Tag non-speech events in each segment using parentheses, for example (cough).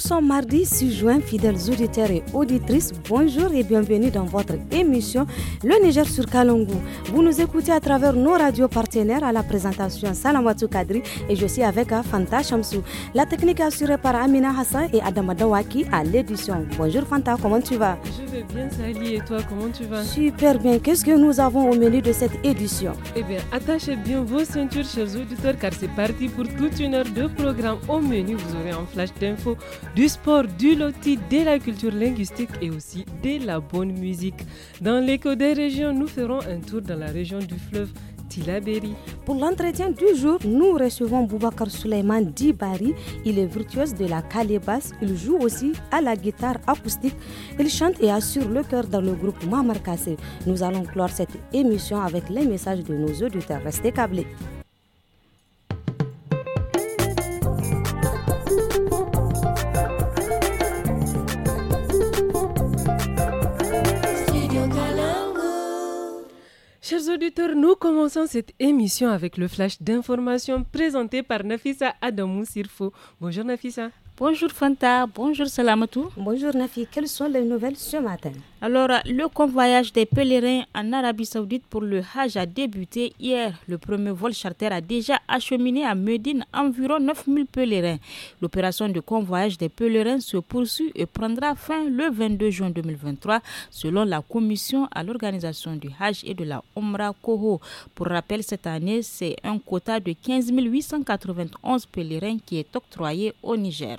nous sommes mardi 6 juin, fidèles auditeurs et auditrices. Bonjour et bienvenue dans votre émission Le Niger sur Kalongo. Vous nous écoutez à travers nos radios partenaires à la présentation Salamatou Kadri et je suis avec euh, Fanta Chamsou. La technique assurée par Amina Hassan et Adama Dawaki à l'édition. Bonjour Fanta, comment tu vas Je vais bien, Sali, et toi, comment tu vas Super bien. Qu'est-ce que nous avons au menu de cette édition Eh bien, attachez bien vos ceintures, chers auditeurs, car c'est parti pour toute une heure de programme. Au menu, vous aurez un flash d'infos du sport, du loti, de la culture linguistique et aussi de la bonne musique. Dans l'écho des régions, nous ferons un tour dans la région du fleuve Tilaberi. Pour l'entretien du jour, nous recevons Boubacar Suleiman Dibari. Il est virtuose de la calébasse. Il joue aussi à la guitare acoustique. Il chante et assure le cœur dans le groupe Mamar Kassé. Nous allons clore cette émission avec les messages de nos auditeurs. restés câblés. Chers auditeurs, nous commençons cette émission avec le flash d'information présenté par Nafisa Adamou Sirfo. Bonjour Nafissa. Bonjour Fanta, bonjour Salamatou. Bonjour Nafi, quelles sont les nouvelles ce matin Alors, le convoyage des pèlerins en Arabie Saoudite pour le Hajj a débuté hier. Le premier vol charter a déjà acheminé à Médine environ 9000 pèlerins. L'opération de convoyage des pèlerins se poursuit et prendra fin le 22 juin 2023 selon la commission à l'organisation du Hajj et de la Omra coho Pour rappel, cette année, c'est un quota de 15 891 pèlerins qui est octroyé au Niger.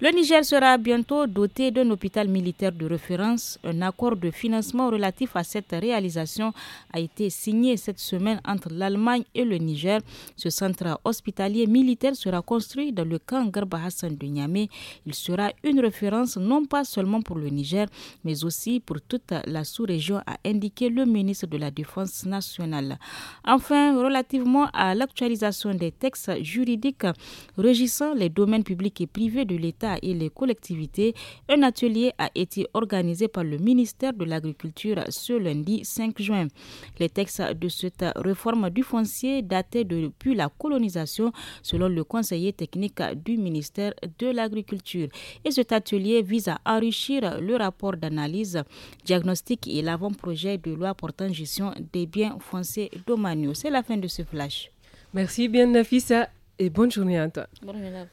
Le Niger sera bientôt doté d'un hôpital militaire de référence. Un accord de financement relatif à cette réalisation a été signé cette semaine entre l'Allemagne et le Niger. Ce centre hospitalier militaire sera construit dans le camp Garba Hassan de Niamey. Il sera une référence non pas seulement pour le Niger, mais aussi pour toute la sous-région, a indiqué le ministre de la Défense nationale. Enfin, relativement à l'actualisation des textes juridiques régissant les domaines publics et privés de l'État, et les collectivités, un atelier a été organisé par le ministère de l'Agriculture ce lundi 5 juin. Les textes de cette réforme du foncier dataient depuis la colonisation, selon le conseiller technique du ministère de l'Agriculture. Et cet atelier vise à enrichir le rapport d'analyse, diagnostic et l'avant-projet de loi portant gestion des biens fonciers domaniaux. C'est la fin de ce flash. Merci bien, Nafisa et bonne journée à toi. Bonne journée.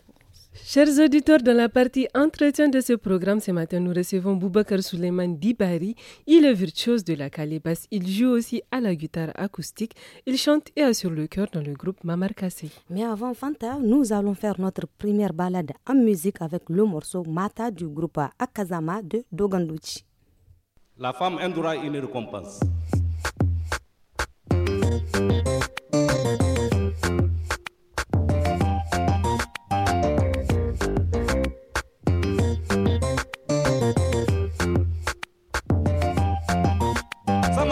Chers auditeurs, dans la partie entretien de ce programme, ce matin, nous recevons Boubacar Suleiman Dibari. Il est virtuose de la calebasse. Il joue aussi à la guitare acoustique. Il chante et assure le chœur dans le groupe Mamar Mais avant Fanta, nous allons faire notre première balade en musique avec le morceau Mata du groupe Akazama de Doganduchi. La femme Endura une récompense.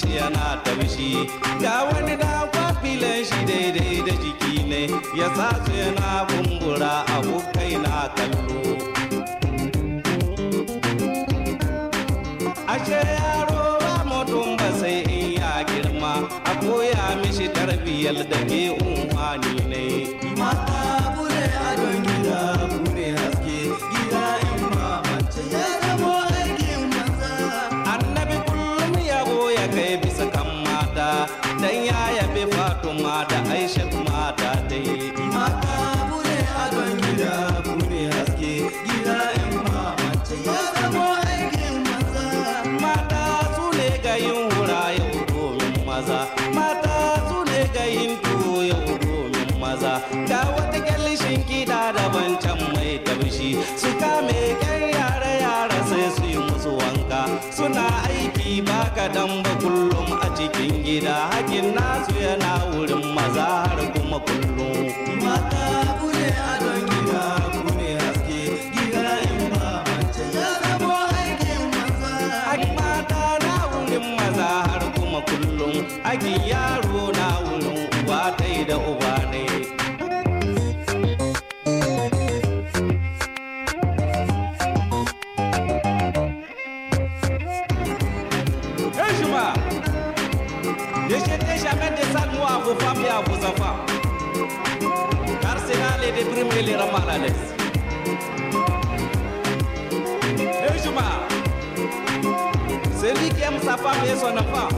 shi yana taushi ga wani da kwafilan shi daidai da jiki ne ya sa su yana kumbura abokai na kallo ashe yaro ba mutum ba sai in ya girma a koya mishi tarbiyyar da ke zahar kuma kullum mata ku ne adon gida ku ne haske gida in ba mace ya zamo aikin maza ai mata na wurin maza har kuma kullum aikin yaro sa femme et son enfant,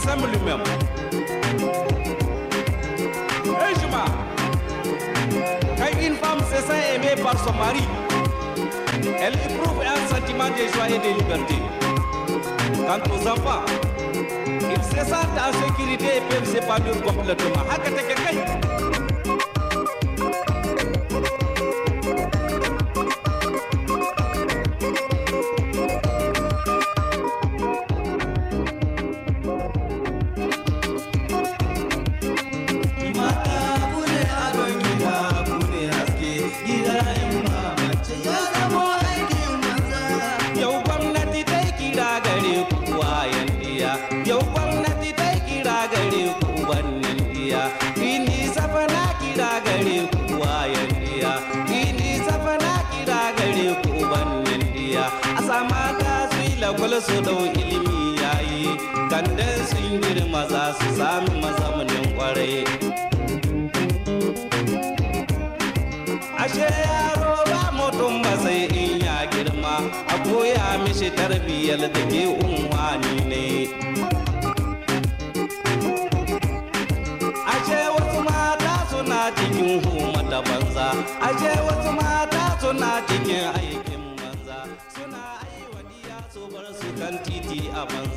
s'aime lui-même. Un jour, quand une femme se sent aimée par son mari, elle éprouve un sentiment de joie et de liberté. Quant aux enfants, ils se sentent en sécurité et peuvent s'épanouir complètement. za su sami mazamunin kwarai ashe yaro ba mutum ba sai in ya girma a koya mishi tarbiyyar da ke unwani ne ashe wasu mata suna cikin huma da banza ashe wasu mata suna cikin aikin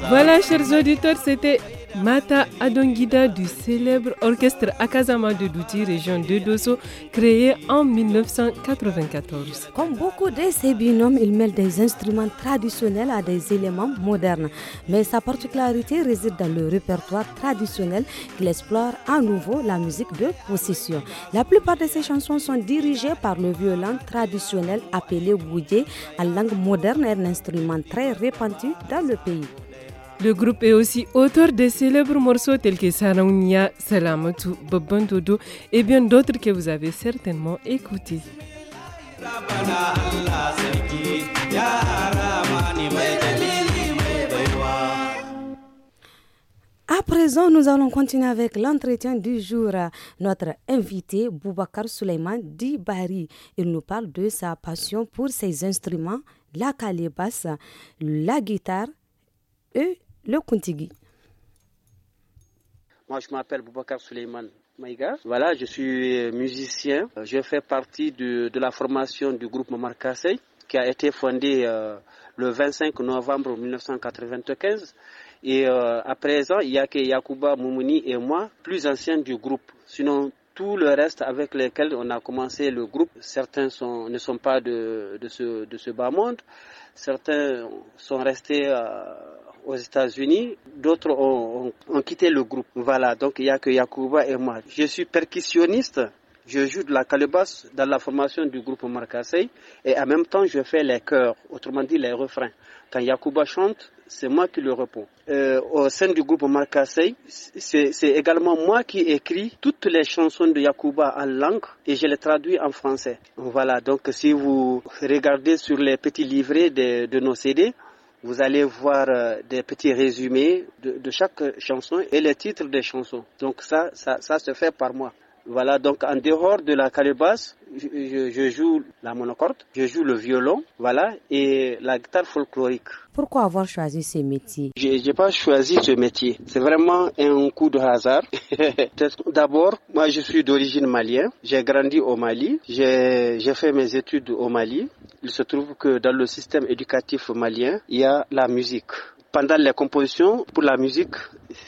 Voilà, chers auditeurs, c'était Mata Adongida du célèbre orchestre Akazama de Douti, région de Dosso, créé en 1994. Comme beaucoup de ces binômes, il mêle des instruments traditionnels à des éléments modernes. Mais sa particularité réside dans le répertoire traditionnel qu'il explore à nouveau la musique de possession. La plupart de ses chansons sont dirigées par le violon traditionnel appelé Boudé, en langue moderne, un instrument très répandu dans le pays. Le groupe est aussi auteur de célèbres morceaux tels que Saraunia, Salamatu, Babban et bien d'autres que vous avez certainement écoutés. À présent, nous allons continuer avec l'entretien du jour. Notre invité, Boubacar Suleiman Dibari, il nous parle de sa passion pour ses instruments, la calébasse, la guitare et le Kuntigi. Moi, je m'appelle Boubacar Suleiman Maïga. Voilà, je suis euh, musicien. Euh, je fais partie de, la formation du groupe Mamar qui a été fondé euh, le 25 novembre 1995. Et à présent, il n'y a que Yakuba Moumouni et moi, plus anciens du groupe. Sinon, tout le reste avec lesquels on a commencé le groupe, certains sont, ne sont pas de, de, ce, de ce bas monde, certains sont restés aux États-Unis, d'autres ont, quitté le groupe. Voilà, donc il n'y a que Yakuba et moi. Je suis percussionniste, je joue de la calebasse dans la formation du groupe Marcassé et en même temps je fais les chœurs, autrement dit les refrains. Quand Yakuba chante, c'est moi qui le réponds. Euh, au sein du groupe Marcassé, c'est également moi qui écris toutes les chansons de Yakuba en langue et je les traduis en français. Voilà, donc si vous regardez sur les petits livrets de, de nos CD, vous allez voir euh, des petits résumés de, de, chaque chanson et les titres des chansons. Donc ça, ça, ça se fait par mois. Voilà, donc en dehors de la calebasse, je, je, joue la monocorde, je joue le violon, voilà, et la guitare folklorique. Pourquoi avoir choisi ce métier Je n'ai pas choisi ce métier. C'est vraiment un coup de hasard. (laughs) D'abord, moi je suis d'origine malienne. J'ai grandi au Mali. J'ai fait mes études au Mali. Il se trouve que dans le système éducatif malien, il y a la musique pendant les compositions, pour la musique,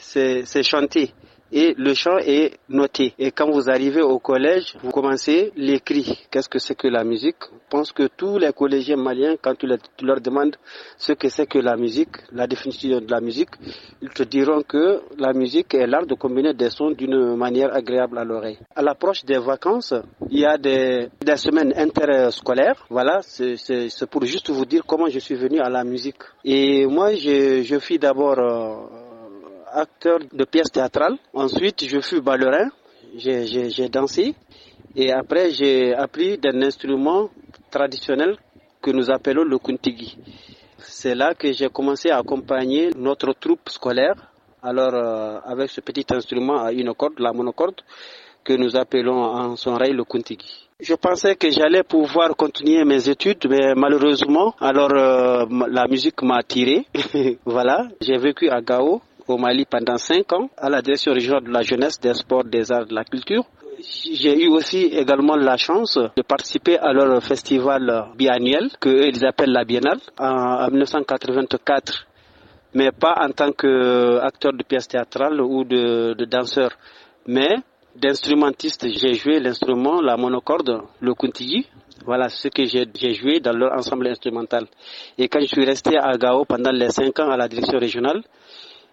c'est chanter et le chant est noté. Et quand vous arrivez au collège, vous commencez l'écrit. Qu'est-ce que c'est que la musique Je pense que tous les collégiens maliens, quand tu leur demandes ce que c'est que la musique, la définition de la musique, ils te diront que la musique est l'art de combiner des sons d'une manière agréable à l'oreille. À l'approche des vacances, il y a des, des semaines interscolaires. Voilà, c'est pour juste vous dire comment je suis venu à la musique. Et moi, je, je suis d'abord... Euh, acteur de pièces théâtrales. Ensuite, je fus ballerin. J'ai dansé. Et après, j'ai appris d'un instrument traditionnel que nous appelons le kuntigi. C'est là que j'ai commencé à accompagner notre troupe scolaire. Alors, euh, avec ce petit instrument à une corde, la monocorde, que nous appelons en son rail le kuntigi. Je pensais que j'allais pouvoir continuer mes études, mais malheureusement, alors euh, la musique m'a attiré. (laughs) voilà, j'ai vécu à Gao au Mali pendant cinq ans à la direction régionale de la jeunesse, des sports, des arts, de la culture. J'ai eu aussi également la chance de participer à leur festival biannuel qu'ils appellent la Biennale en 1984, mais pas en tant qu'acteur de pièce théâtrale ou de, de danseur, mais d'instrumentiste. J'ai joué l'instrument, la monocorde, le kuntigi, voilà ce que j'ai joué dans leur ensemble instrumental. Et quand je suis resté à Gao pendant les cinq ans à la direction régionale,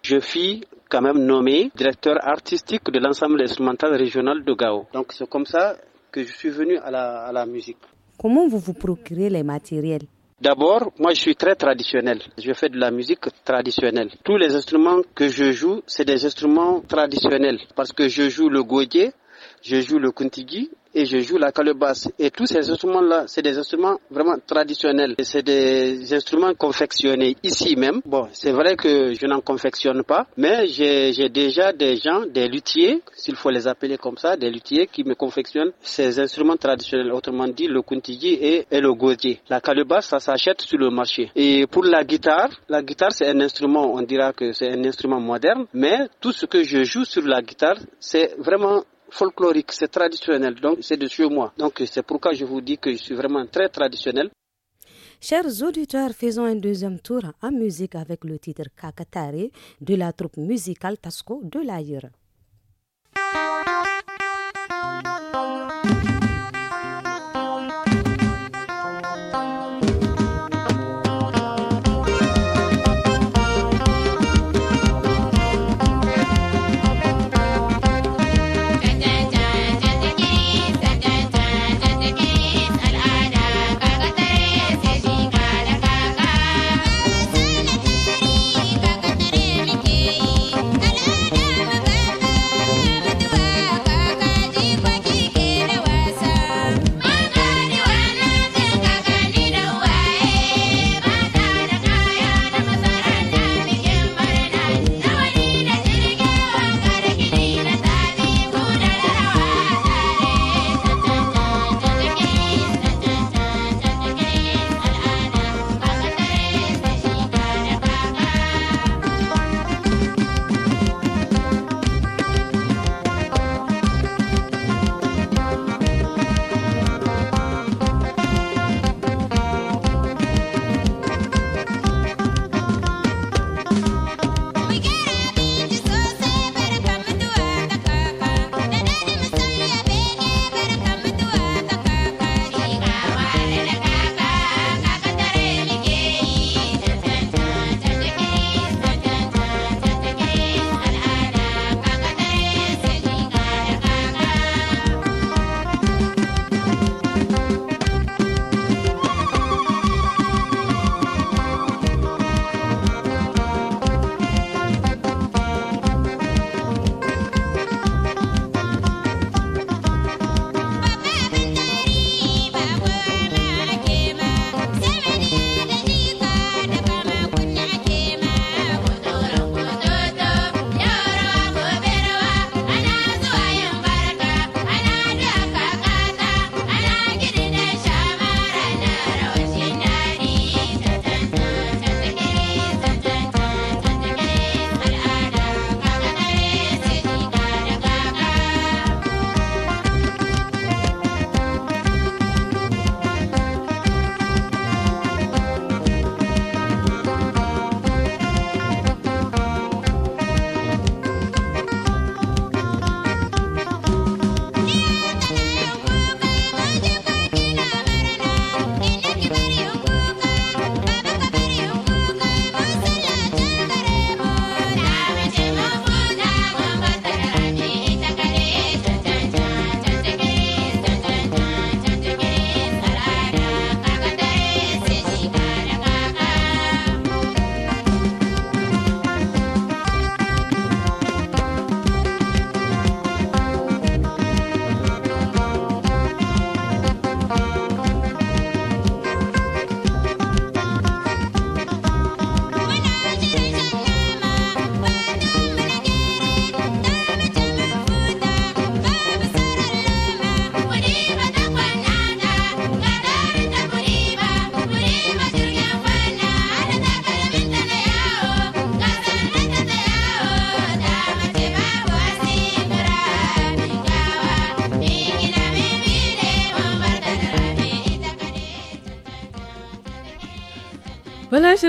je suis quand même nommé directeur artistique de l'ensemble instrumental régional de Gao. Donc c'est comme ça que je suis venu à la, à la musique. Comment vous vous procurez les matériels D'abord, moi je suis très traditionnel. Je fais de la musique traditionnelle. Tous les instruments que je joue, c'est des instruments traditionnels. Parce que je joue le godier, je joue le kuntigi et je joue la calebasse. Et tous ces instruments-là, c'est des instruments vraiment traditionnels. C'est des instruments confectionnés ici même. Bon, c'est vrai que je n'en confectionne pas, mais j'ai déjà des gens, des luthiers, s'il faut les appeler comme ça, des luthiers qui me confectionnent ces instruments traditionnels, autrement dit le kuntigi et, le gaudier. La calebasse, ça s'achète sur le marché. Et pour la guitare, la guitare, c'est un instrument, on dira que c'est un instrument moderne, mais tout ce que je joue sur la guitare, c'est vraiment folklorique, c'est traditionnel, donc c'est de chez moi. Donc c'est pourquoi je vous dis que je suis vraiment très traditionnel. Chers auditeurs, faisons un deuxième tour en musique avec le titre Kakatare de la troupe musicale Tasco de l'Aïr.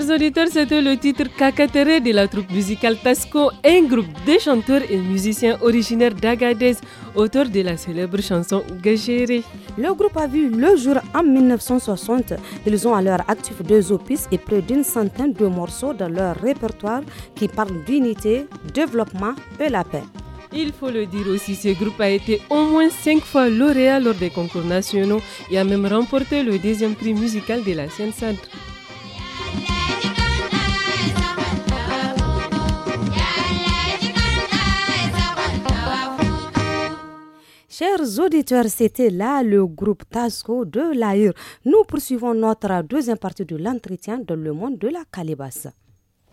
auditeurs, c'était le titre Kakateré de la troupe musicale Tasco, un groupe de chanteurs et musiciens originaires d'Agadez, auteur de la célèbre chanson Gajéré. Le groupe a vu le jour en 1960. Ils ont à actif deux opus et près d'une centaine de morceaux dans leur répertoire qui parlent d'unité, développement et la paix. Il faut le dire aussi, ce groupe a été au moins cinq fois lauréat lors des concours nationaux et a même remporté le deuxième prix musical de la scène centre. Chers auditeurs, c'était là le groupe Tasco de l'AIR. Nous poursuivons notre deuxième partie de l'entretien dans le monde de la calébasse.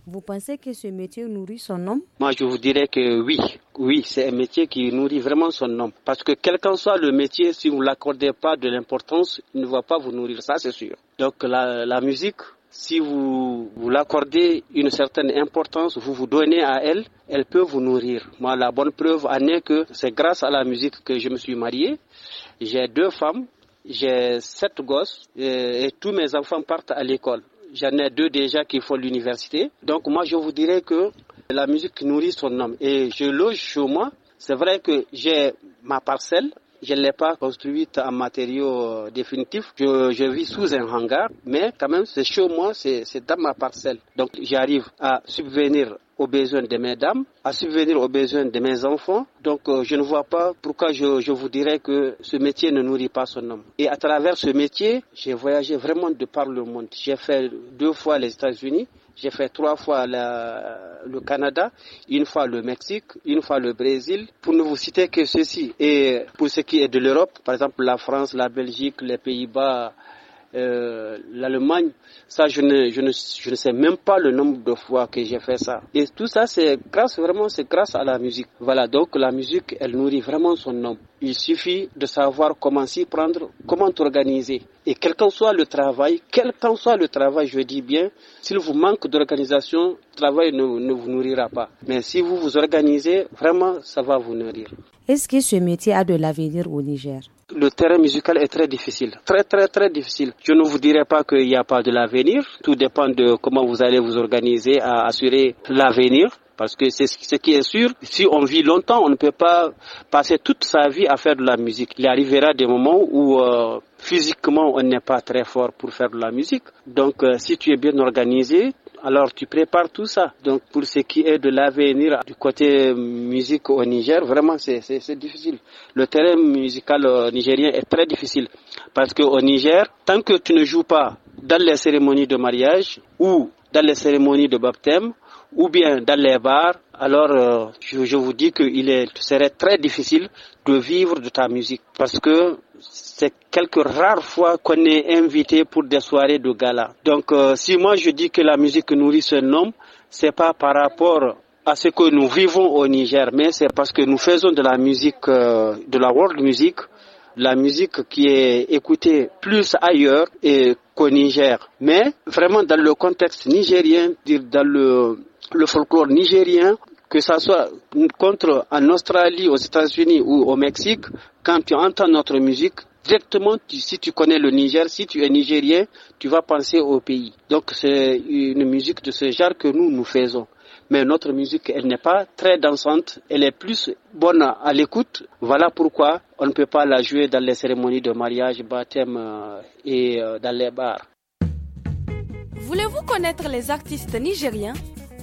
Vous pensez que ce métier nourrit son homme Moi, je vous dirais que oui. Oui, c'est un métier qui nourrit vraiment son homme. Parce que quel qu'en soit le métier, si vous ne l'accordez pas de l'importance, il ne va pas vous nourrir, ça c'est sûr. Donc la, la musique, si vous, vous l'accordez une certaine importance, vous vous donnez à elle, elle peut vous nourrir. Moi, la bonne preuve en est que c'est grâce à la musique que je me suis marié. J'ai deux femmes, j'ai sept gosses et, euh, et tous mes enfants partent à l'école. J'en ai deux déjà qui font l'université. Donc moi, je vous dirais que la musique nourrit son homme. Et je loge chez moi. C'est vrai que j'ai ma parcelle je ne l'ai pas construite en matériaux euh, définitifs. Je, vis sous un hangar, mais quand même, c'est chez moi, c'est dans ma parcelle. Donc, j'arrive à subvenir aux besoins de mes dames, à subvenir aux besoins de mes enfants. Donc euh, je ne vois pas pourquoi je, je, vous dirais que ce métier ne nourrit pas son homme. Et à travers ce métier, j'ai voyagé vraiment de par le monde. J'ai fait deux fois les États-Unis, j'ai fait trois fois le Canada, une fois le Mexique, une fois le Brésil, pour ne vous citer que ceci. Et pour ce qui est de l'Europe, par exemple la France, la Belgique, les Pays-Bas, euh, l'Allemagne, ça je ne, ne, sais même pas le nombre de fois que j'ai fait ça. Et tout ça c'est grâce vraiment, c'est grâce à la musique. Voilà, donc la musique elle nourrit vraiment son nom. Il suffit de savoir comment s'y prendre, comment t'organiser. Et quel qu'en soit le travail, quel qu'en soit le travail, je dis bien, s'il vous manque d'organisation, le travail ne, ne, vous nourrira pas. Mais si vous vous organisez, vraiment, ça va vous nourrir. Est-ce que ce métier a de l'avenir au Niger le terrain musical est très difficile, très très très difficile. Je ne vous dirai pas qu'il n'y a pas de l'avenir, tout dépend de comment vous allez vous organiser à assurer l'avenir. Parce que c'est ce qui est sûr, si on vit longtemps, on ne peut pas passer toute sa vie à faire de la musique. Il arrivera des moments où euh, physiquement on n'est pas très fort pour faire de la musique. Donc euh, si tu es bien organisé, alors tu prépares tout ça. Donc pour ce qui est de l'avenir du côté musique au Niger, vraiment c'est difficile. Le terrain musical euh, nigérien est très difficile parce qu'au Niger, tant que tu ne joues pas dans les cérémonies de mariage ou dans les cérémonies de baptême, ou bien dans les bars, alors euh, je, vous dis qu'il est, serait très difficile de vivre de ta musique parce que c'est quelques rares fois qu'on est invité pour des soirées de gala. Donc euh, si moi je dis que la musique nourrit ce nom, c'est pas par rapport à ce que nous vivons au Niger, mais c'est parce que nous faisons de la musique, euh, de la world music, la musique qui est écoutée plus ailleurs et qu'au Niger. Mais vraiment dans le contexte nigérien, dans le le folklore nigérien, que ça soit contre en Australie, aux États-Unis ou au Mexique, quand tu entends notre musique, directement, si tu connais le Niger, si tu es nigérien, tu vas penser au pays. Donc c'est une musique de ce genre que nous, nous faisons. Mais notre musique, elle n'est pas très dansante, elle est plus bonne à l'écoute. Voilà pourquoi on ne peut pas la jouer dans les cérémonies de mariage, baptême euh, et euh, dans les bars. Voulez-vous connaître les artistes nigériens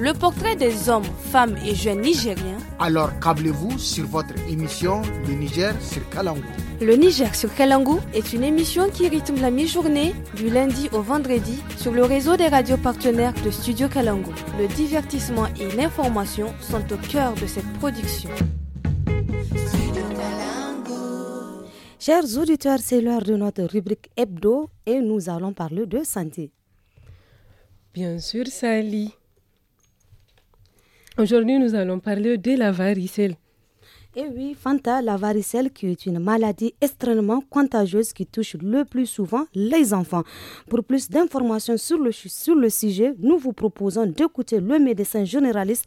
le portrait des hommes, femmes et jeunes nigériens. Alors câblez-vous sur votre émission Le Niger sur Kalango. Le Niger sur Kalango est une émission qui rythme la mi-journée du lundi au vendredi sur le réseau des radios partenaires de Studio Kalango. Le divertissement et l'information sont au cœur de cette production. Chers auditeurs, c'est l'heure de notre rubrique hebdo et nous allons parler de santé. Bien sûr, Sally. Aujourd'hui, nous allons parler de la varicelle. Et eh oui, Fanta, la varicelle qui est une maladie extrêmement contagieuse qui touche le plus souvent les enfants. Pour plus d'informations sur le, sujet, nous vous proposons d'écouter le médecin généraliste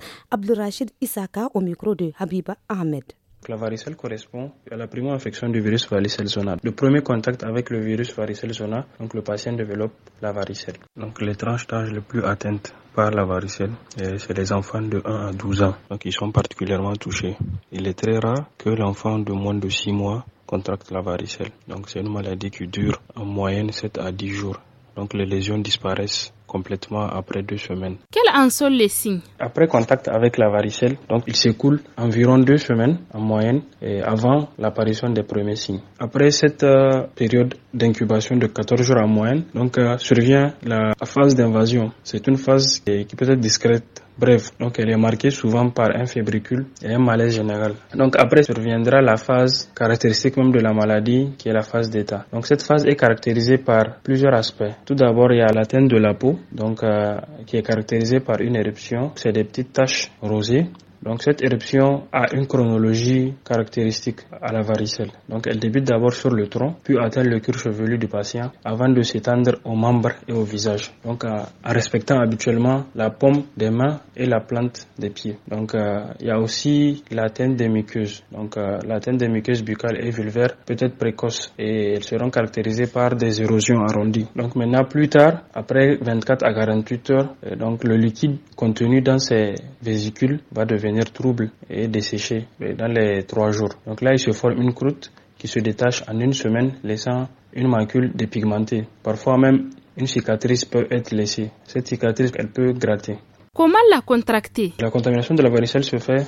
Rachid Issaka au micro de Habiba Ahmed. La varicelle correspond à la primo infection du virus varicelle zona. Le premier contact avec le virus varicelle zona, donc le patient développe la varicelle. Donc les tranches d'âge les plus atteintes par la varicelle, eh, c'est les enfants de 1 à 12 ans. Donc ils sont particulièrement touchés. Il est très rare que l'enfant de moins de 6 mois contracte la varicelle. Donc c'est une maladie qui dure en moyenne 7 à 10 jours. Donc les lésions disparaissent complètement après deux semaines. Quels en sont les signes Après contact avec la varicelle, donc il s'écoule environ deux semaines en moyenne avant l'apparition des premiers signes. Après cette euh, période d'incubation de 14 jours en moyenne, donc euh, survient la phase d'invasion. C'est une phase qui peut être discrète Bref, donc elle est marquée souvent par un fébricule et un malaise général. Donc après surviendra la phase caractéristique même de la maladie qui est la phase d'état. Donc cette phase est caractérisée par plusieurs aspects. Tout d'abord, il y a l'atteinte de la peau donc euh, qui est caractérisée par une éruption, c'est des petites taches rosées donc cette éruption a une chronologie caractéristique à la varicelle. Donc elle débute d'abord sur le tronc, puis atteint le cuir chevelu du patient avant de s'étendre aux membres et au visage. Donc euh, en respectant habituellement la paume des mains et la plante des pieds. Donc euh, il y a aussi l'atteinte des muqueuses. Donc euh, l'atteinte des muqueuses buccales et vulvaires peut être précoce et elles seront caractérisées par des érosions arrondies. Donc maintenant plus tard, après 24 à 48 heures, donc le liquide contenu dans ces vésicules va devenir trouble et desséché ben, dans les trois jours. Donc là, il se forme une croûte qui se détache en une semaine, laissant une mancule dépigmentée. Parfois même, une cicatrice peut être laissée. Cette cicatrice, elle peut gratter. Comment la contracter La contamination de la varicelle se fait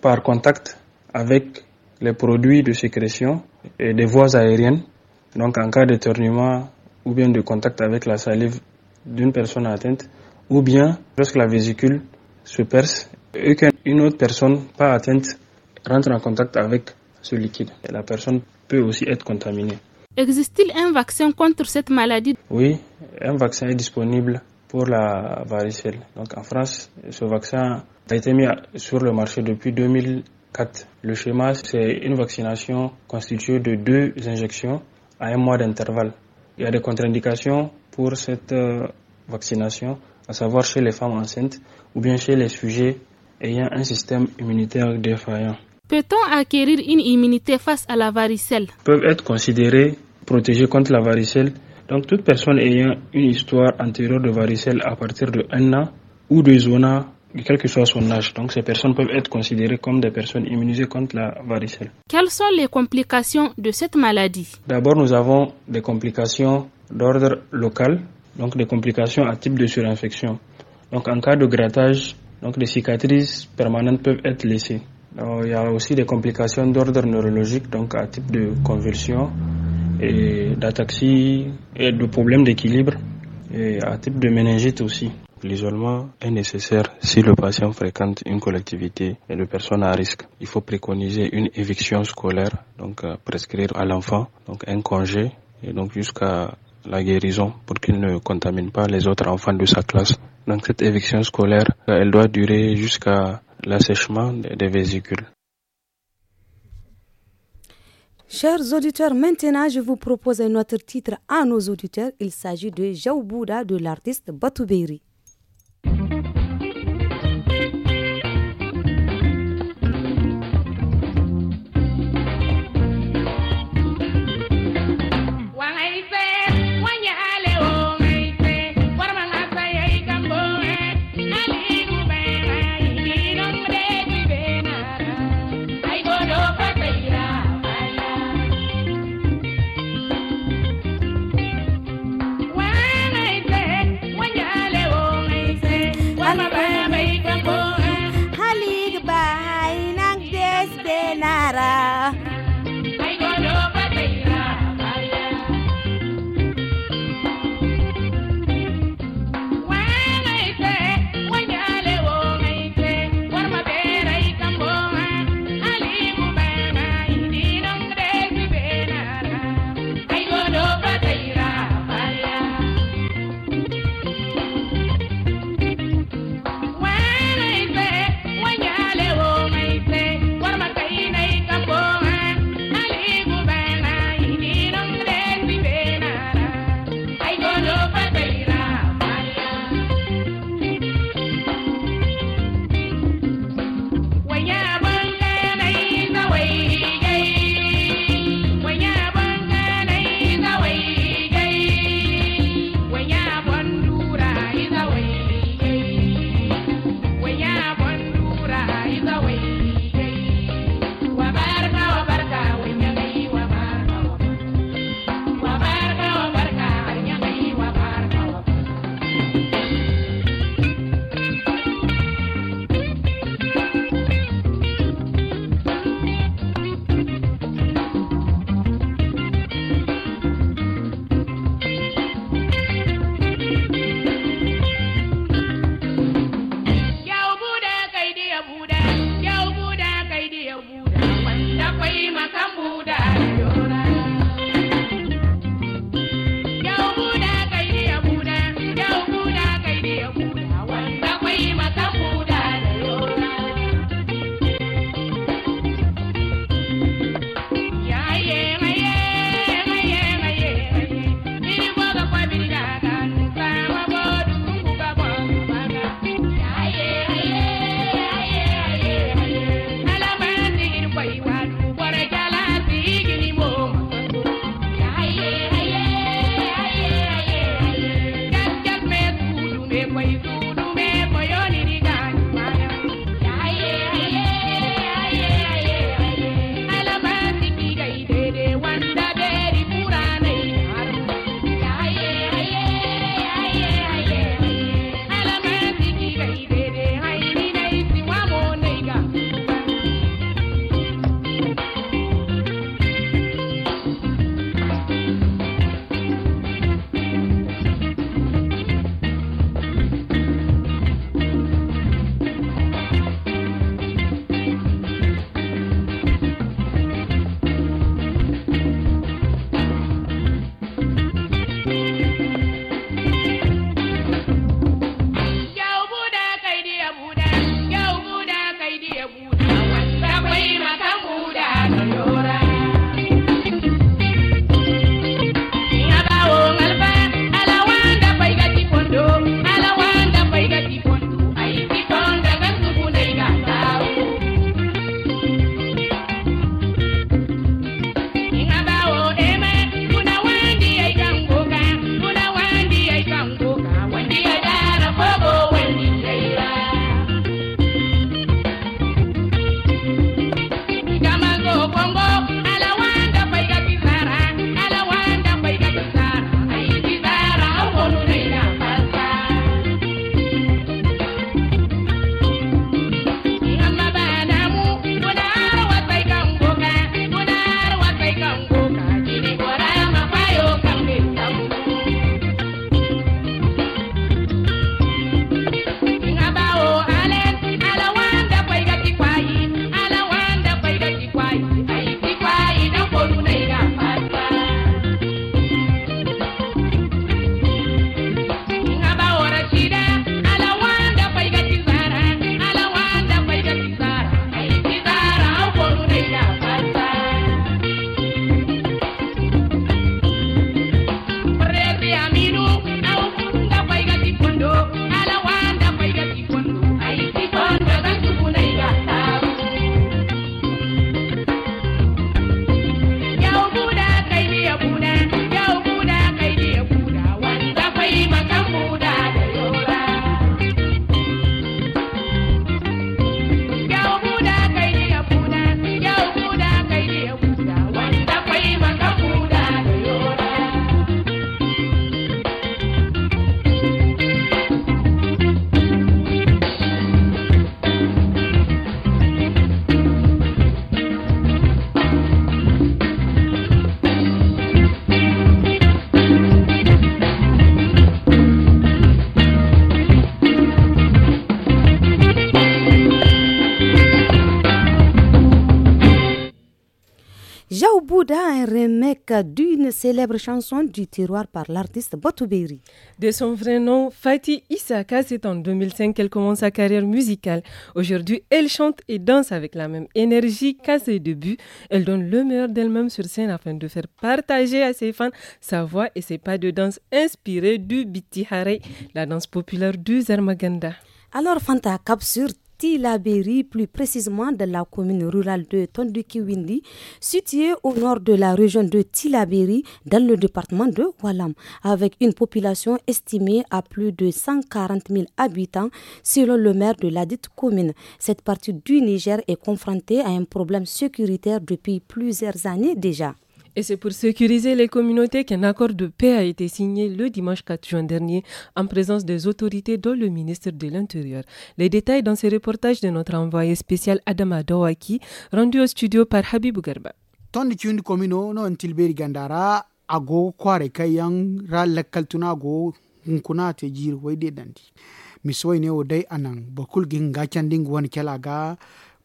par contact avec les produits de sécrétion et des voies aériennes. Donc en cas d'éternuement ou bien de contact avec la salive d'une personne atteinte, ou bien lorsque la vésicule se perce une autre personne pas atteinte rentre en contact avec ce liquide. Et la personne peut aussi être contaminée. Existe-t-il un vaccin contre cette maladie Oui, un vaccin est disponible pour la varicelle. Donc en France, ce vaccin a été mis sur le marché depuis 2004. Le schéma, c'est une vaccination constituée de deux injections à un mois d'intervalle. Il y a des contre-indications pour cette euh, vaccination, à savoir chez les femmes enceintes ou bien chez les sujets ayant un système immunitaire défaillant. Peut-on acquérir une immunité face à la varicelle Peuvent être considérés protégés contre la varicelle. Donc toute personne ayant une histoire antérieure de varicelle à partir de 1 an ou de zona quel que soit son âge. Donc ces personnes peuvent être considérées comme des personnes immunisées contre la varicelle. Quelles sont les complications de cette maladie D'abord, nous avons des complications d'ordre local, donc des complications à type de surinfection. Donc en cas de grattage, donc les cicatrices permanentes peuvent être laissées. il y a aussi des complications d'ordre neurologique, donc à type de convulsion et d'ataxie et de problèmes d'équilibre et à type de méningite aussi. L'isolement est nécessaire si le patient fréquente une collectivité et de personnes à risque. Il faut préconiser une éviction scolaire, donc prescrire à l'enfant donc un congé et donc jusqu'à la guérison pour qu'il ne contamine pas les autres enfants de sa classe. Donc cette éviction scolaire, euh, elle doit durer jusqu'à l'assèchement des vésicules. Chers auditeurs, maintenant je vous propose un autre titre à nos auditeurs. Il s'agit de Jaoubouda de l'artiste Batuberi. célèbre chanson du tiroir par l'artiste Botouberi. De son vrai nom, Fatih Isaka, c'est en 2005 qu'elle commence sa carrière musicale. Aujourd'hui, elle chante et danse avec la même énergie qu'à ses débuts. Elle donne le meilleur d'elle-même sur scène afin de faire partager à ses fans sa voix et ses pas de danse inspirés du Bitihare, la danse populaire du Zermaganda. Alors Fanta, cap sur Tilaberi, plus précisément de la commune rurale de Tondukiwindi, située au nord de la région de Tilaberi, dans le département de Walam, avec une population estimée à plus de 140 000 habitants, selon le maire de la dite commune. Cette partie du Niger est confrontée à un problème sécuritaire depuis plusieurs années déjà. Et c'est pour sécuriser les communautés qu'un accord de paix a été signé le dimanche 4 juin dernier en présence des autorités dont le ministre de l'Intérieur. Les détails dans ce reportage de notre envoyé spécial Adama Dawaki, rendu au studio par Habib Garba.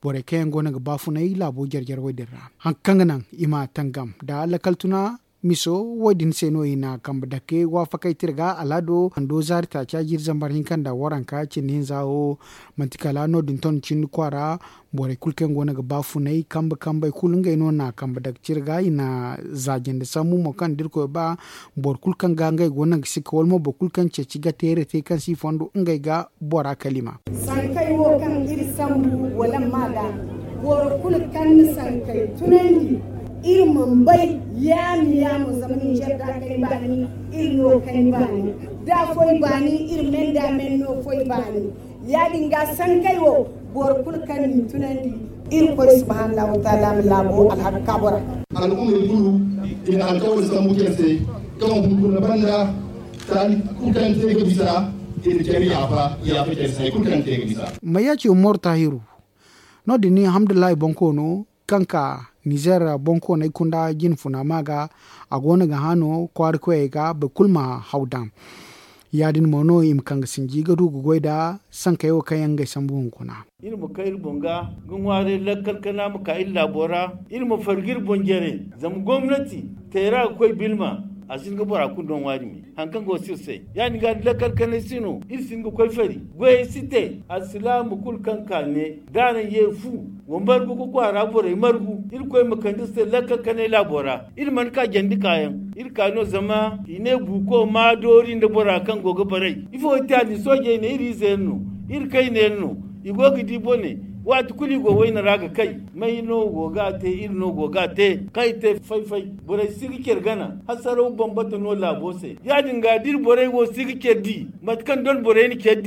bore kayan gona ga bafuna labo gyargyar wadirra hankan nan ima tangam da alakaltuna miso wadin senoi na dake wa tirga alado ando cha cagir zambar hinkanda waranka cin zao mantikala nodin ton cin kwara bore kulken gona ga bafunai kamba kamba e kulunga ino na kamba dake tirga ina zajen da samu mo kan dirko ba bor kulkan ga ngai gona sik wol mo kulkan ce ciga tere te kan si fondo ngai ga bora kalima san kai wo kan dir sambu wala maga bor kulkan san kai tunangi irin bai yami yamu zamani jebda kani bani irno kani bani da foi bani irin men da men no foi bani ya dinga san kai wo bor kul kani tunandi ir ko subhanahu wa ta'ala mi labo al hakabara al umri kullu in al kawl sambu kense kan hundu na banda tan kukan te ga bisa in kari yafa yafa kense kukan te ga bisa mayaci umar tahiru no dini alhamdulillah bonkono kanka niger bonko na ikunda gin maga agona ga hano kwar ga be kulma haudan yadin mono im kang sinji ga rugu goida sanka yau kayan ga sambu in ilmu kair bonga gun ware lakkal kana mu illa bora mu fargir bongere zam gwamnati tera akwai bilma asinga bora kundon warimi hankango sirse yani ga lakal kane sino irsinga koy feri goye site asilamu kul kankane dana ye fu wo margu ko ko ara bora margu il koy makandi se lakal kane la bora il man ka jandi kayan il kano zama ine buko ma dori nda bora kango go barai ifo tani soje ne iri zenu ir kai ne no igogi dibone wati kuli go wayna raga kai mai no goga te ir no goga te kai te fai fai borai sigi ker gana hasaro bambato no yadin ga dir go sigi ker matkan don bore ni ker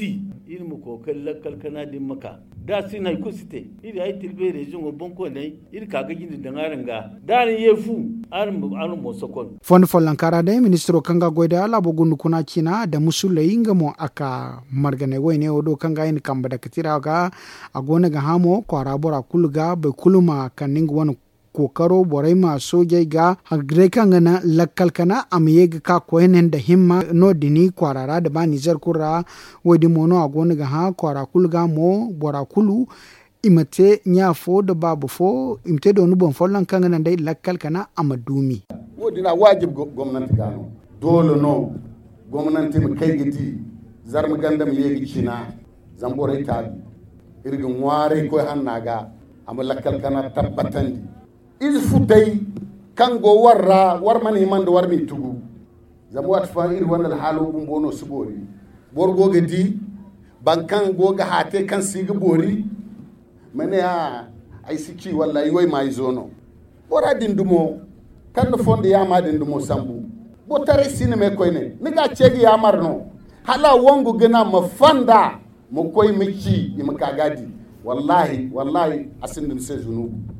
il mu ko kala kalkana din maka da sin hay kusite il ay tilbe rejin o bonko ne il ga gindi dangaranga darin yefu arm arm mo sokon fon fon lankara de ministro kanga goida ala bogun kuna kina da musulle inga mo aka margane ne do kanga in kamba da kitira ga agona ga hamo ko arabora kulga be kuluma kaningu wani kokaro borai maso ga hagre kangana lakkal kana ga ka koenen da himma no dini kwarara da ba nijar kura wadi mono agoni ga ha kwara ga mo bora kulu imate nya fo da babu fo imte donu bon follan gana dai lakkal kana amadumi wadi na wajib gwamnati gano dole no gwamnati mu kai gidi zarmu ganda mu yegi china zamborai tabi irgin ware ko hannaga amma lakkal kana tabbatan il futay kango warra warman himando warmi tugu zamu wat fa ir wanal halu bumbono subori borgo gedi bankan goga hate kan sigi bori mane a ay sikki walla yoy may zono bora dindumo kan fonde yama dindumo sambu bo tare sineme koyne ga niga cegi yamarno hala wongo gena ma fanda mo koy mi ci ima kagadi wallahi wallahi asindum se zunubu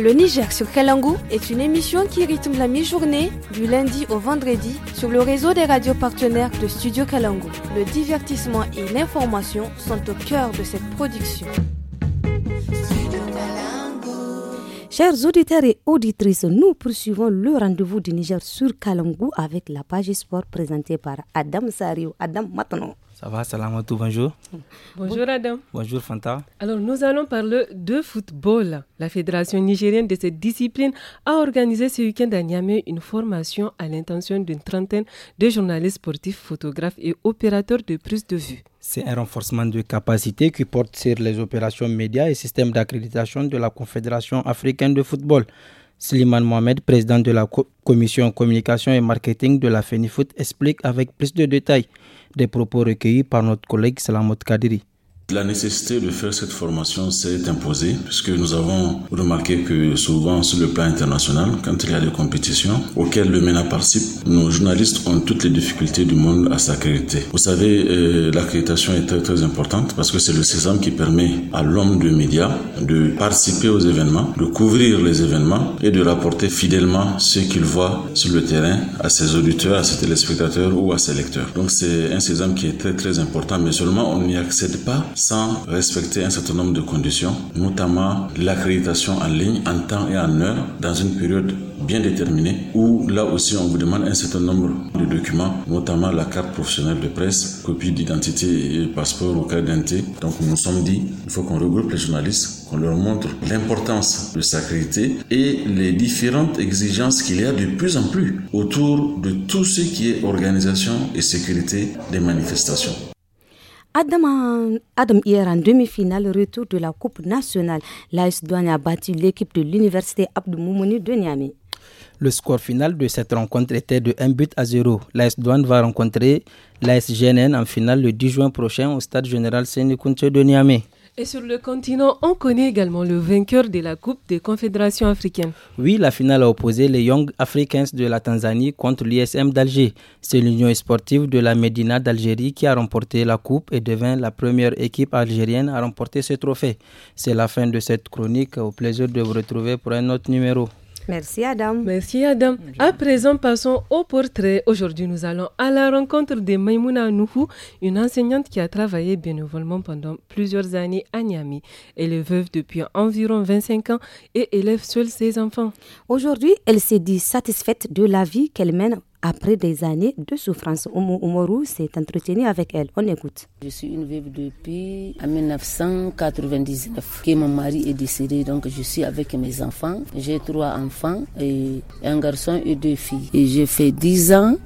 Le Niger sur Kalangu est une émission qui rythme la mi-journée du lundi au vendredi sur le réseau des radios partenaires de Studio Kalangu. Le divertissement et l'information sont au cœur de cette production. Chers auditeurs et auditrices, nous poursuivons le rendez-vous du Niger sur Kalangu avec la page sport présentée par Adam Sario, Adam, maintenant. Ça va, bonjour. Bonjour Adam. Bonjour Fanta. Alors nous allons parler de football. La Fédération nigérienne de cette discipline a organisé ce week-end à Niamey une formation à l'intention d'une trentaine de journalistes sportifs, photographes et opérateurs de prise de vue. C'est un renforcement de capacité qui porte sur les opérations médias et systèmes d'accréditation de la Confédération africaine de football. Slimane Mohamed, président de la commission communication et marketing de la FENIFOOT, explique avec plus de détails des propos recueillis par notre collègue Salamot Kadiri. La nécessité de faire cette formation s'est imposée puisque nous avons remarqué que souvent sur le plan international, quand il y a des compétitions auxquelles le MENA participe, nos journalistes ont toutes les difficultés du monde à s'accréditer. Vous savez, euh, l'accréditation est très très importante parce que c'est le sésame qui permet à l'homme de médias de participer aux événements, de couvrir les événements et de rapporter fidèlement ce qu'il voit sur le terrain à ses auditeurs, à ses téléspectateurs ou à ses lecteurs. Donc c'est un sésame qui est très très important, mais seulement on n'y accède pas sans respecter un certain nombre de conditions, notamment l'accréditation en ligne en temps et en heure dans une période bien déterminée où là aussi on vous demande un certain nombre de documents, notamment la carte professionnelle de presse, copie d'identité et passeport ou carte d'identité. Donc nous nous sommes dit, il faut qu'on regroupe les journalistes, qu'on leur montre l'importance de s'accréditer et les différentes exigences qu'il y a de plus en plus autour de tout ce qui est organisation et sécurité des manifestations. Adam, Adam hier en demi-finale, retour de la Coupe nationale. L'AS Douane a battu l'équipe de l'Université Abdou Moumouni de Niamey. Le score final de cette rencontre était de 1 but à 0. L'AS Douane va rencontrer l'AS GNN en finale le 10 juin prochain au stade général Sénécounte de Niamey. Et sur le continent, on connaît également le vainqueur de la Coupe des Confédérations africaines. Oui, la finale a opposé les Young Africans de la Tanzanie contre l'ISM d'Alger. C'est l'Union sportive de la Médina d'Algérie qui a remporté la Coupe et devint la première équipe algérienne à remporter ce trophée. C'est la fin de cette chronique. Au plaisir de vous retrouver pour un autre numéro. Merci Adam. Merci Adam. À présent, passons au portrait. Aujourd'hui, nous allons à la rencontre de Maimouna Nouhou, une enseignante qui a travaillé bénévolement pendant plusieurs années à Niamey. Elle est veuve depuis environ 25 ans et élève seule ses enfants. Aujourd'hui, elle s'est dit satisfaite de la vie qu'elle mène après des années de souffrance. Oumarou s'est entretenu avec elle. On écoute. Je suis une veuve depuis 1999 que mon mari est décédé. Donc je suis avec mes enfants. J'ai trois enfants, et un garçon et deux filles. Et j'ai fait dix ans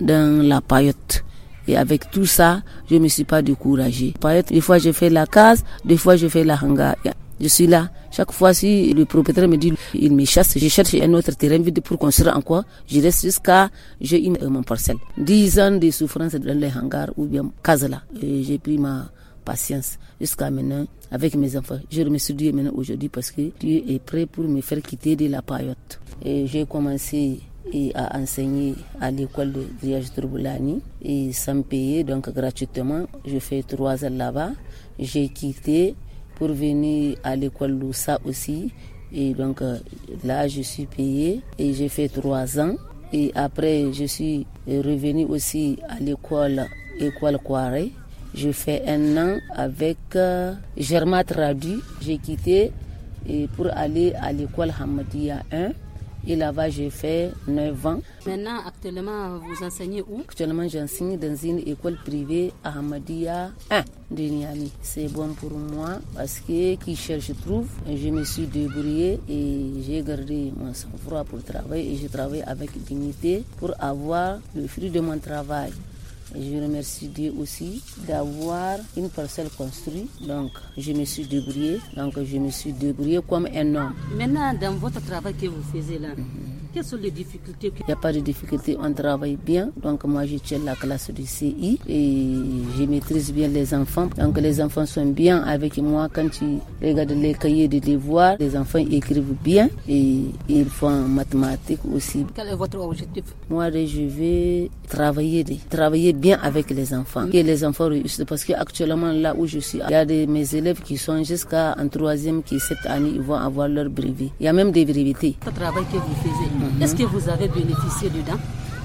dans la paillote. Et avec tout ça, je ne me suis pas découragée. des fois je fais la case, des fois je fais la hanga. Je suis là. Chaque fois, si le propriétaire me dit, il me chasse, je cherche un autre terrain vide pour construire en quoi Je reste jusqu'à, j'ai eu mon parcelle. Dix ans de souffrance dans les hangars ou bien casse-là. J'ai pris ma patience jusqu'à maintenant avec mes enfants. Je remercie Dieu maintenant aujourd'hui parce que Dieu est prêt pour me faire quitter de la paillotte. Et j'ai commencé à enseigner à l'école de Village Turboulani et sans payer, donc gratuitement. Je fais trois ans là-bas. J'ai quitté pour venir à l'école Loussa aussi. Et donc euh, là, je suis payé et j'ai fait trois ans. Et après, je suis revenu aussi à l'école École quare Je fais un an avec euh, Germa Tradu. J'ai quitté et pour aller à l'école Hamadia 1 et là-bas, j'ai fait 9 ans. Maintenant, actuellement, vous enseignez où Actuellement, j'enseigne dans une école privée à Hamadia 1 de C'est bon pour moi parce que qui cherche trouve. Je me suis débrouillée et j'ai gardé mon sang-froid pour travailler et je travaille avec dignité pour avoir le fruit de mon travail. Je remercie Dieu aussi d'avoir une parcelle construite. Donc, je me suis débrouillée. Donc, je me suis débrouillée comme un homme. Maintenant, dans votre travail que vous faisiez là, mhm. Quelles sont les difficultés Il n'y a pas de difficultés, on travaille bien. Donc moi, je tiens la classe du CI et je maîtrise bien les enfants. Donc les enfants sont bien avec moi quand tu regardes les cahiers de devoirs. Les enfants écrivent bien et ils font mathématiques aussi. Quel est votre objectif Moi, je vais travailler, travailler bien avec les enfants, mm. Et les enfants réussissent. Parce qu'actuellement, là où je suis, il y a des mes élèves qui sont jusqu'à un troisième qui, cette année, ils vont avoir leur brevet. Il y a même des brevetés. travail que vous est-ce que vous avez bénéficié dedans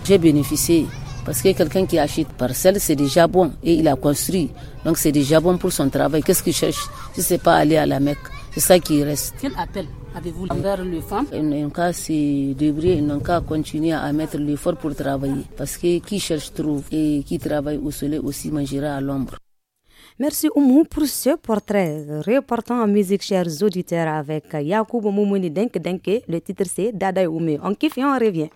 J'ai bénéficié. Parce que quelqu'un qui achète parcelle, c'est déjà bon. Et il a construit. Donc c'est déjà bon pour son travail. Qu'est-ce qu'il cherche Je ne pas aller à la Mecque, c'est ça qui reste. Quel appel avez-vous envers les femmes En cas qu'à se débrouiller, En n'ont qu'à continuer à mettre l'effort pour travailler. Parce que qui cherche trouve et qui travaille au soleil aussi mangera à l'ombre. Merci Oumou pour ce portrait. Reportant en musique, chers auditeurs, avec Yacoub Moumouni Denk Denke. Le titre c'est Dadaï Oumé. On kiffe et on revient.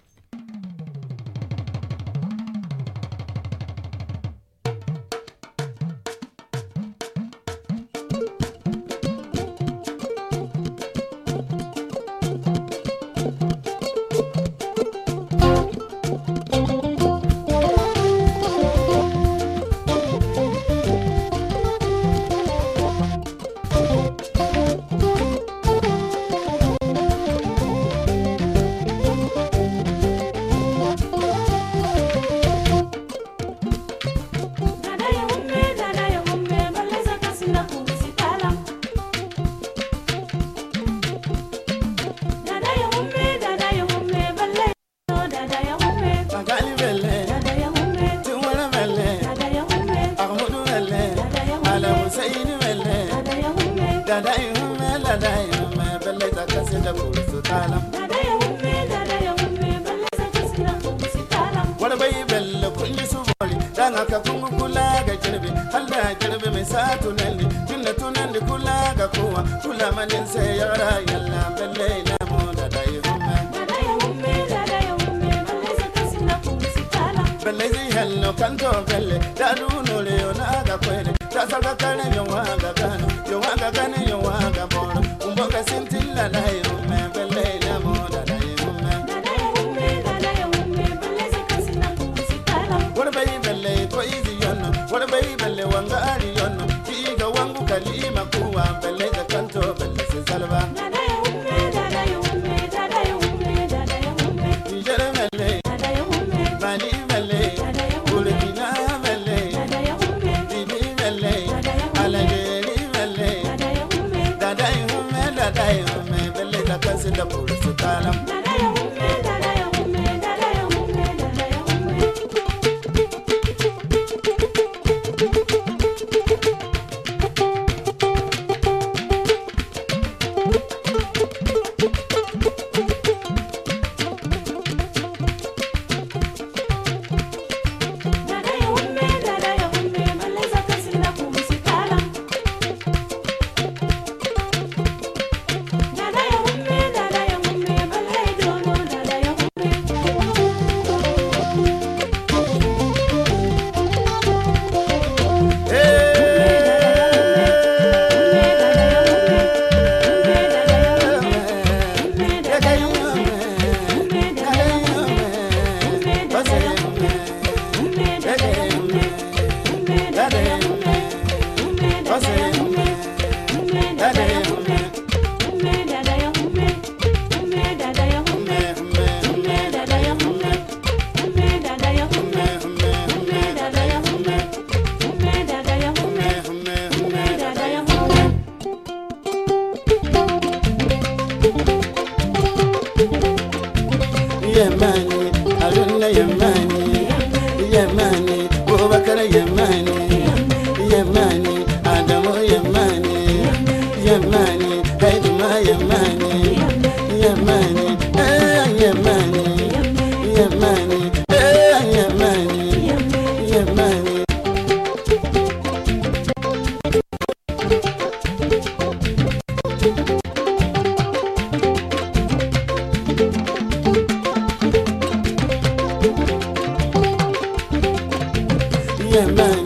man, man.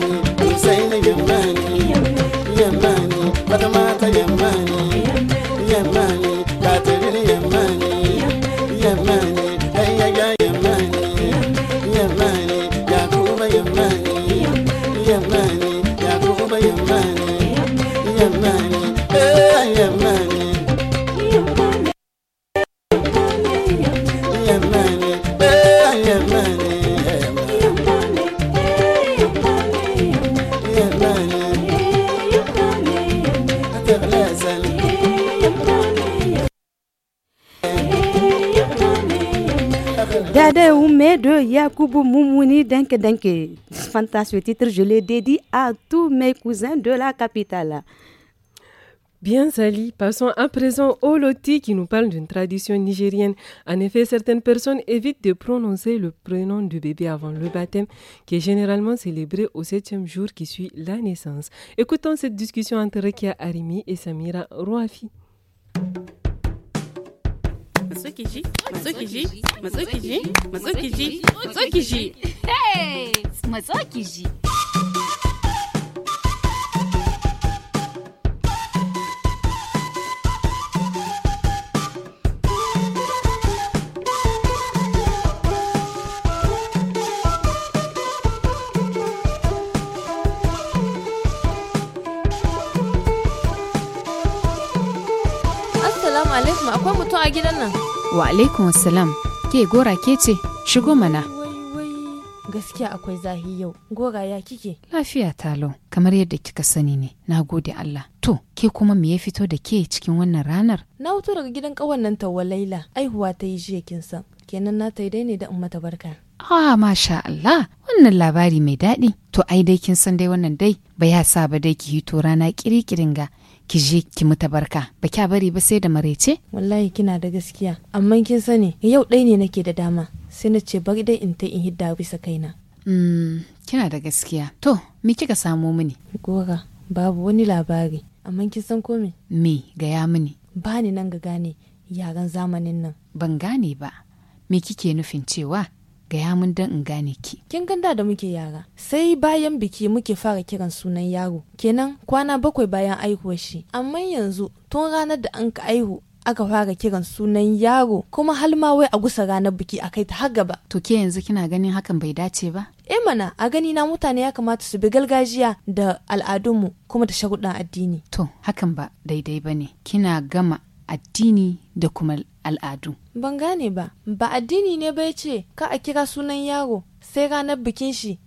Denk Denk. titre, je le dédie à tous mes cousins de la capitale. Bien, Sali, passons à présent au loti qui nous parle d'une tradition nigérienne. En effet, certaines personnes évitent de prononcer le prénom du bébé avant le baptême, qui est généralement célébré au septième jour qui suit la naissance. Écoutons cette discussion entre Rekia Arimi et Samira Roafi. Matsukiji, Maso Kiji, Matsukiji, ji Hey! Kiji. salama akwai mutum a gidan nan. Wa alaikum salam Ke gora ke ce shigo mana. Gaskiya akwai zahi yau. Gora ya kike? Lafiya talo. Kamar yadda kika sani ne. Na gode Allah. To, ke kuma me ya fito da ke cikin wannan ranar? Na wuto daga gidan ƙawannan nan Tawwa Laila. Aihuwa ta yi jiya kin san. Kenan na ta yi daina ne da mata barka. Ah, masha Allah, wannan labari mai daɗi. To ai dai kin san dai wannan dai ba ya sa ba dai ki hito rana kirkirin ga ki je ki mata barka ba kya bari ba sai da marece wallahi kina da gaskiya amma kin sani yau ɗaya ne nake da dama sai na ce bari dai in ta in hidda bisa kaina mm, kina da gaskiya to me kika samo mini gora babu wani labari amma kin san ko me me gaya mini bani nan ga gane yaran zamanin nan ban gane ba me kike nufin cewa gaya mun dan in gane ki. Kin ganda da muke yara. Sai bayan biki muke fara kiran sunan yaro. Kenan kwana bakwai bayan aihuwar shi. Amma yanzu tun ranar da an ka aihu aka fara kiran sunan yaro kuma har ma wai a gusa ranar biki a kai ta har gaba. To ke yanzu kina ganin hakan bai dace ba? E mana a gani na mutane ya kamata su bi galgajiya da al'adunmu kuma da sharuɗan addini. To hakan ba daidai ba ne. Kina gama addini da kuma al'adu. Ban gane ba, ba addini ne bai ce ka a kira sunan yaro sai ranar bikin shi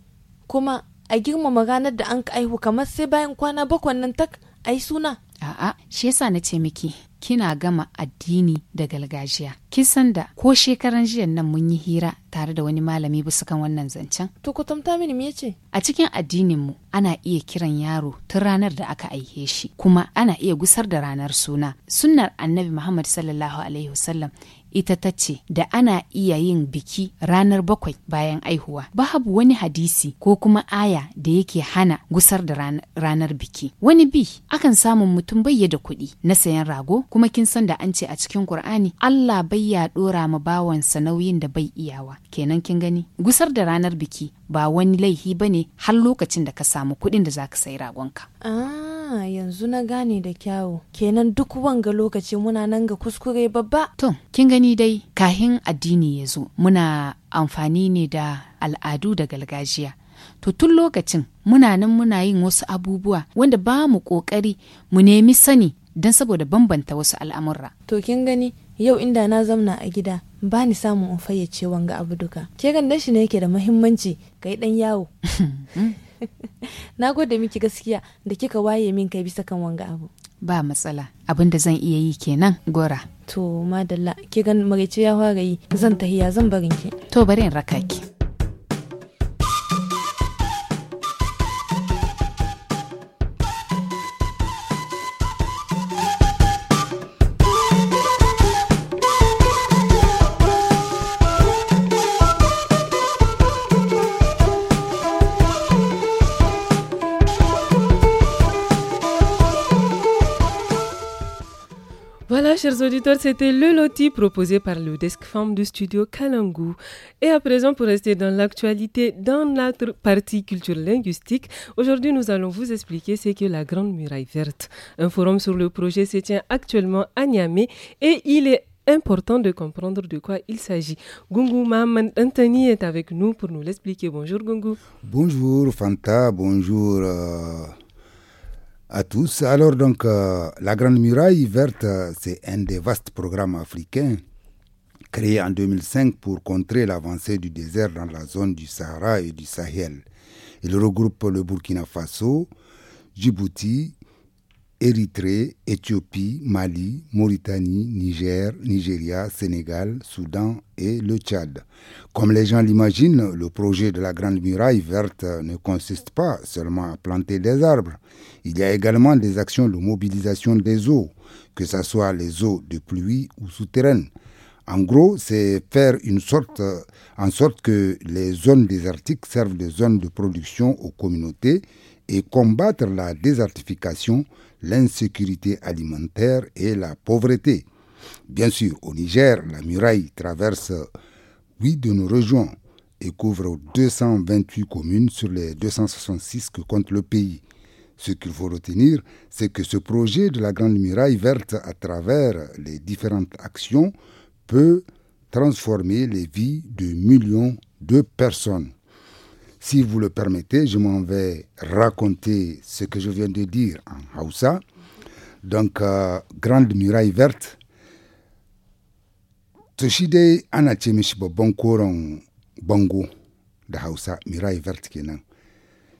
kuma a girmama ranar da an ka aihu kamar sai bayan kwana bakwan nan tak a yi suna. A'a, shi yasa na ce miki kina gama addini da galgajiya. Kin san da ko shekaran jiya nan mun yi hira tare da wani malami bisa kan wannan zancen. To ku tamta mini me ce? A cikin addinin mu ana iya kiran yaro tun ranar da aka aihe shi kuma ana iya gusar da ranar suna. Sunnar Annabi Muhammad sallallahu alaihi wasallam ita ta ce da ana iya yin biki ranar bakwai bayan aihuwa babu wani hadisi ko kuma aya da yake hana gusar da ranar, biki wani bi akan samun mutum bayya da kuɗi na sayan rago kuma kin san da an ce a cikin Kur'ani Allah bai ya dora ma bawansa nauyin da bai iyawa kenan kin gani gusar da ranar biki ba wani laihi ba ne har lokacin da ka samu kuɗin da za ka sayi ragonka. Ah, yanzu na gane da kyawu. Kenan duk wanga lokaci muna nan ga kuskure babba. To, kin gani dai kahin addini ya zo muna amfani ne da al'adu da gargajiya. To tun lokacin muna nan muna yin wasu abubuwa wanda ba mu ƙoƙari mu nemi sani don saboda bambanta wasu al'amurra. To kin gani yau inda na zauna a gida ba ni samun in fayyace wanga abu duka ke gandan shi ne yake da muhimmanci kai dan yawo (laughs) na gode miki gaskiya da kika waye min kai bisa kan wanga abu ba matsala abin da zan iya yi kenan gora to madalla ke gan magaice ya fara yi zan tahiya zan barin ki to bari in raka ki chers auditeurs, c'était le loti proposé par le desk femme du studio Kalangu. Et à présent, pour rester dans l'actualité, dans notre partie culture linguistique, aujourd'hui nous allons vous expliquer ce que la Grande Muraille Verte. Un forum sur le projet se tient actuellement à Niamey et il est important de comprendre de quoi il s'agit. Gungu Maman Anthony est avec nous pour nous l'expliquer. Bonjour Gungu. Bonjour Fanta, bonjour. Euh, à tous. Alors donc, euh, la Grande Muraille verte, euh, c'est un des vastes programmes africains créés en 2005 pour contrer l'avancée du désert dans la zone du Sahara et du Sahel. Il regroupe le Burkina Faso, Djibouti, Érythrée, Éthiopie, Mali, Mauritanie, Niger, Nigeria, Sénégal, Soudan et le Tchad. Comme les gens l'imaginent, le projet de la Grande Muraille verte ne consiste pas seulement à planter des arbres. Il y a également des actions de mobilisation des eaux, que ce soit les eaux de pluie ou souterraines. En gros, c'est faire une sorte, en sorte que les zones désertiques servent de zones de production aux communautés et combattre la désertification l'insécurité alimentaire et la pauvreté. Bien sûr, au Niger, la muraille traverse huit de nos régions et couvre 228 communes sur les 266 que compte le pays. Ce qu'il faut retenir, c'est que ce projet de la Grande Muraille verte à travers les différentes actions peut transformer les vies de millions de personnes. Si vous le permettez, je m'en vais raconter ce que je viens de dire en Hausa. Donc, euh, Grande Muraille Verte. Toshide shi dai ana bongo da Hausa, Muraille Verte kenan.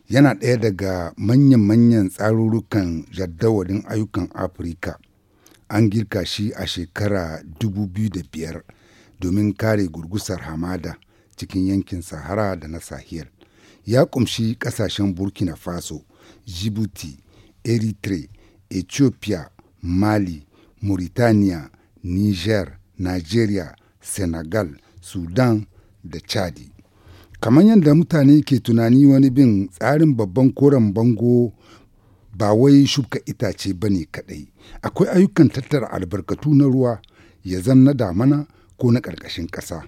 Yana ɗaya daga manyan-manyan tsarurrukan jaddawalin ayyukan Afirka. An girka shi a shekara 2005 domin kare gurgusar hamada cikin yankin Sahara da na ya kumshi ƙasashen burkina faso djibouti eritrea ethiopia mali mauritania niger nigeria senegal sudan da chadi kamar yadda mutane ke tunani wani bin tsarin babban koren bango ba wai shuka itace ba ne kadai, akwai ayyukan tattara albarkatu na ruwa ya zan na damana ko na ƙarƙashin ƙasa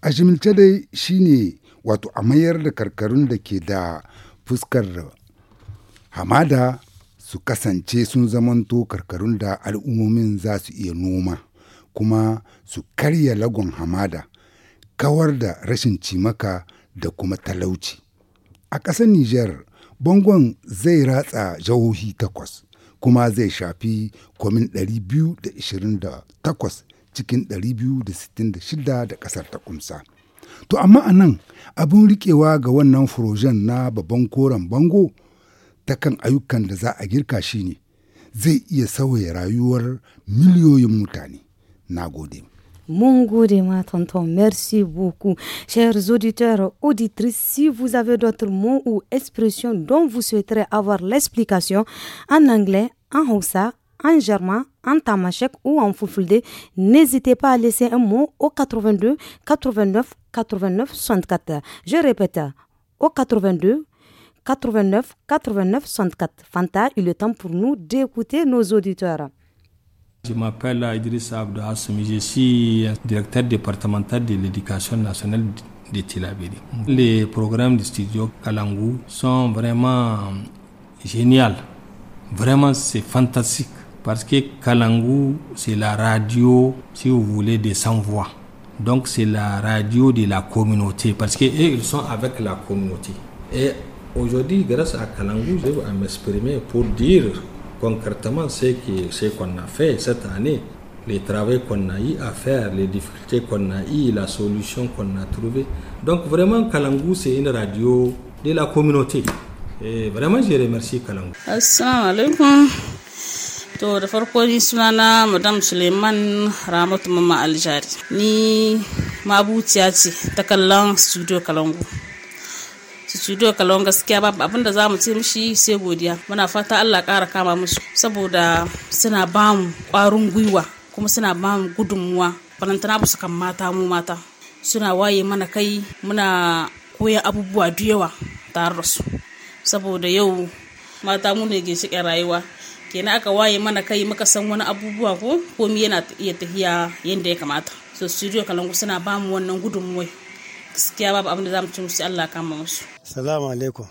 a shimilce dai shine wato a mayar da karkarun da ke da fuskar hamada su kasance sun zamanto karkarun da al'ummomin za su iya noma kuma su karya lagon hamada kawar da rashin cimaka da kuma talauci a ƙasar niger bangon zai ratsa jihohi takwas kuma zai shafi kwamin 228 cikin 266 da ƙasar ta kumsa To amma a nan abin riƙewa ga wannan furojen na babban koren bango ta kan ayyukan da za a girka shi ne zai iya sauya rayuwar miliyoyin mutane. Na gode. Mon gode, ma tonton, merci beaucoup. Chers auditeurs, auditrices, si vous avez d'autres mots ou expressions dont vous souhaiteriez avoir l'explication en anglais, en hausa, en germain, en Tamashek ou en fufulde n'hésitez pas à laisser un mot au 82 89 89 64. Je répète, au 82 89 89 64. Fanta, il est temps pour nous d'écouter nos auditeurs. Je m'appelle Idriss Abdou je suis directeur départemental de l'éducation nationale de Tilabéri. Les programmes du studio Kalangu sont vraiment géniaux. Vraiment, c'est fantastique parce que Kalangu, c'est la radio, si vous voulez, des sans-voix. Donc c'est la radio de la communauté, parce qu'ils sont avec la communauté. Et aujourd'hui, grâce à Kalangu, je vais m'exprimer pour dire concrètement ce qu'on a fait cette année, les travaux qu'on a eu à faire, les difficultés qu'on a eues, la solution qu'on a trouvée. Donc vraiment, Kalangu, c'est une radio de la communauté. Et vraiment, je remercie Kalangu. Assalamu alaikum. to da farko ni sunana madam suleiman ramatu mama aljari ni mabuciya ce ta kallon studio kalangu studio kalon gaskiya babu abinda za mu ce mishi sai godiya muna fata allah kara kama musu saboda suna ba mu ƙwarin gwiwa kuma suna ba mu gudunmuwa balantana ba su kan mata mu mata suna waye mana kai muna koyan abubuwa da yawa tare da su saboda yau mata mu ne ke rayuwa kenan aka waye mana kai muka san wani abubuwa ko komi yana iya tafiya yadda ya kamata so studio kalangu suna ba mu wannan gudunmuwai gaskiya babu abin da za mu ci musu Allah kama musu salamu alaikum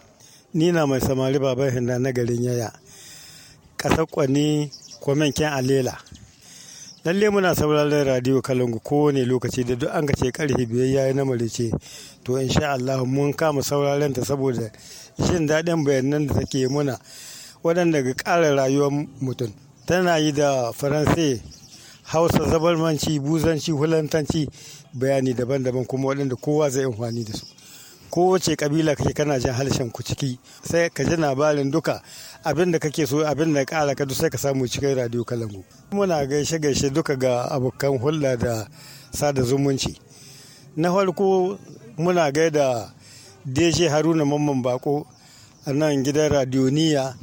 ni na mai samari baban hinda na garin yaya kasar kwani kwamenken alela lalle muna sauraron radio kalangu kowane lokaci da duk an ga ce karfe biyar yayi na marice to insha Allah mun kama sauraron ta saboda jin daɗin bayanan da take muna waɗanda ga ƙara rayuwar mutum tana yi da faransai hausa zabarmanci buzanci hulantanci bayani daban-daban kuma waɗanda kowa zai amfani da su kowace kabila kake kana jin harshen ku ciki sai ka ji labarin duka abin da kake so abin da ƙara ka sai ka samu cikin radio kalangu muna gaishe gaishe duka ga abokan hulɗa da sada zumunci na farko muna gaida da haruna mamman bako a nan gidan radioniya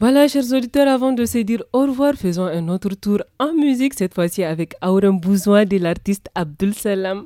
Voilà, chers auditeurs, avant de se dire au revoir, faisons un autre tour en musique, cette fois-ci avec Aurum Bouzois de l'artiste Abdul Salam.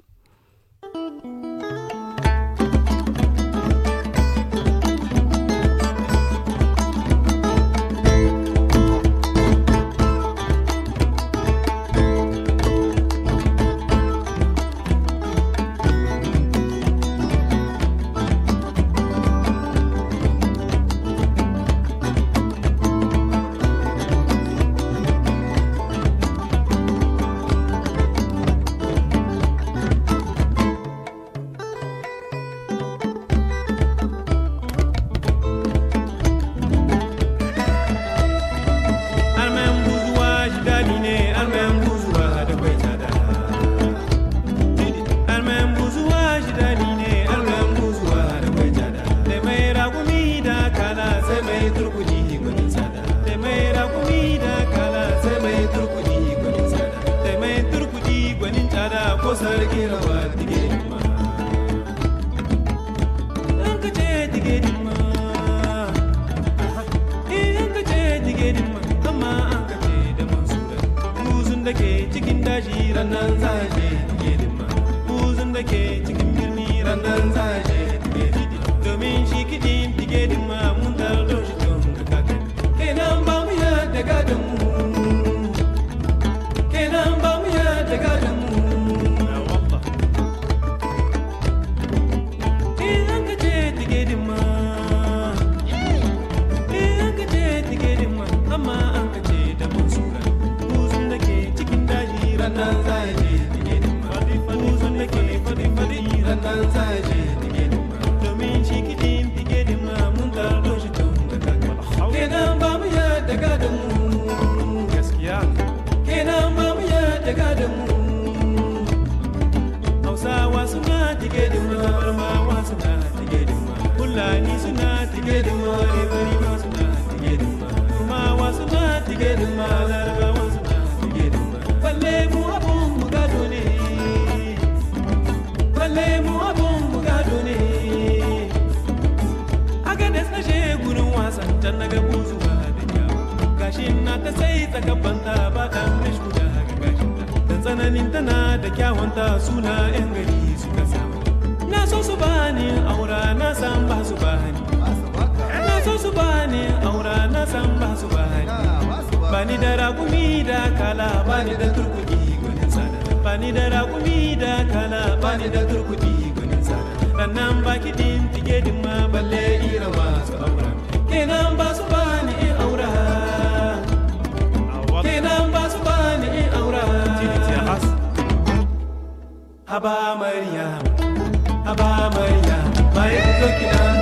in tana da kyawanta suna yan gari suka samu na so su bani aura na san ba su bani na so su bani aura na san ba su bani bani da ragumi da kala bani da turkuki gwanin sana bani da ragumi da kala bani da turkuki gwanin sana rannan baki din tige din ma balle irawa su aura kenan ba haba amarya haba amarya bayan zo kidan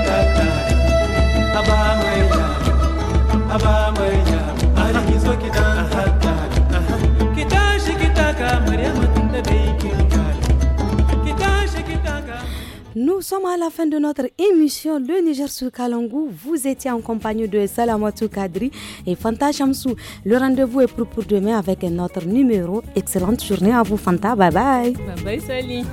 sommes à la fin de notre émission Le Niger sur Kalangou. Vous étiez en compagnie de Salamatou Kadri et Fanta Chamsou. Le rendez-vous est pour demain avec un autre numéro. Excellente journée à vous, Fanta. Bye bye. Bye bye, Sally.